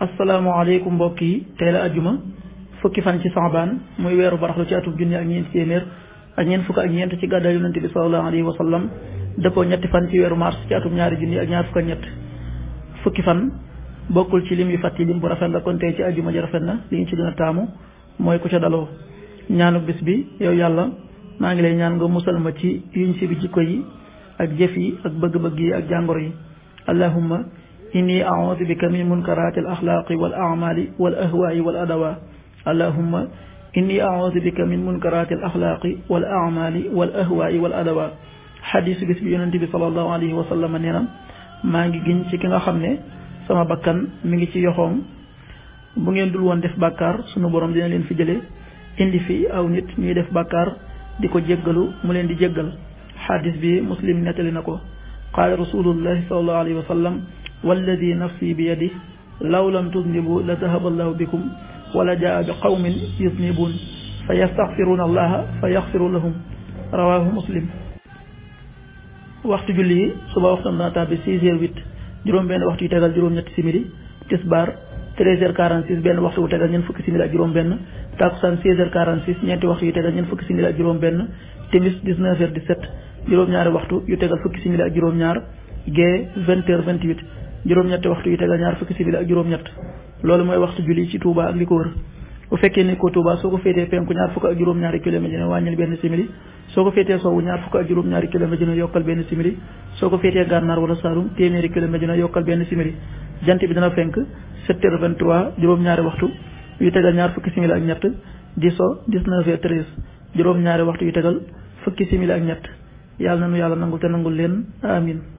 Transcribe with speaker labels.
Speaker 1: asalaamaaleykum mbokk yi tey la ajjuma fukki fan ci saabaan muy weeru baraxlu ci atub junni ak ñeent téeméer ak ñeent fukk ak ñeent ci gàddaay yonente bi sallallahu alayhi wa sallam dëppoo ñetti fan ci weeru mars ci atum ñaari junni ak ñaar fukk ak ñett fukki fan bokkul ci lim yu fàtt yi lim bu rafet la kon tey ci ajjuma ji rafet na li ñu ci gën a taamu mooy ku ca daloo ñaanu bis bi yow yàlla maa ngi lay ñaan nga musal ma ci yuñ si bi jikko yi ak jëf yi ak bëgg-bëgg yi ak jàngoro yi allahumma inni audu bika min munkarati al axlaaqi wal amali wal ahwaai wal adawa allahumma inni audu bika min munkarati al axlaaqi wal amali wal ahwaai wal adawa xadis bis bi yonente bi salallahu alayhi wa sallam nee na maa ngi giñ ci ki nga xam ne sama bakkan mi ngi ci yoxoom bu ngeen dul woon def bàkkaar sunu borom dina leen fi jële indi fi aw nit ñuy def bàkkaar di ko jéggalu mu leen di jéggal xadis bi muslim nettali na ko qaala rasulullahi salallahu alayhi wa sallam walladi nafsi bi yadi law lam tudnibu la dahaba allahu bikum wala jaa bi qawmin yudnibun fa yastaxfiruuna allaha fa yaxfiru lahum rawahu muslim waxtu julli yi suba waxtaan dana tax bi six heures huit juróom benn waxtu yu tegal juróom-ñetti simili tisbaar treize heures quarante six benn waxtu wu tegal ñeent fukki simili ak juróom ñeenti waxtu yu fukki simili ak juróom benn timis dix neuf juróom-ñaari waxtu yu tegal fukki simili ak juróom-ñaar gee vingt heures vingt huit juróom-ñetti waxtu yu tegal ñaar fukki simili ak juróom-ñett loolu mooy waxtu julli ci Touba ak li ko wër bu fekkee ne ko Touba soo ko féetee penku ñaar fukk ak juróom-ñaari kilomètre dina wàññil benn simili soo ko féetee sowwu ñaar fukk ak juróom-ñaari kilomètre dina yokkal benn simili soo ko féetee gànnaar wala saalum téeméeri kilomètre dina yokkal benn simili jant bi dina fenk 7 heures 23 ñaari waxtu yu tegal ñaar fukki simili ak ñett di so 19 heures 13 juróom-ñaari waxtu yu tegal fukki simili ak ñett yàlla na nu yàlla nangul te nangul leen amin